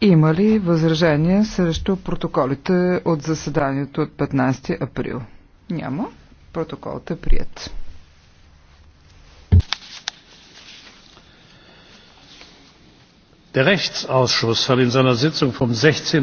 Има ли възражения срещу протоколите от заседанието от 15 април? Няма. Протоколът е прият. Der Rechtsausschuss hat in seiner Sitzung vom 16.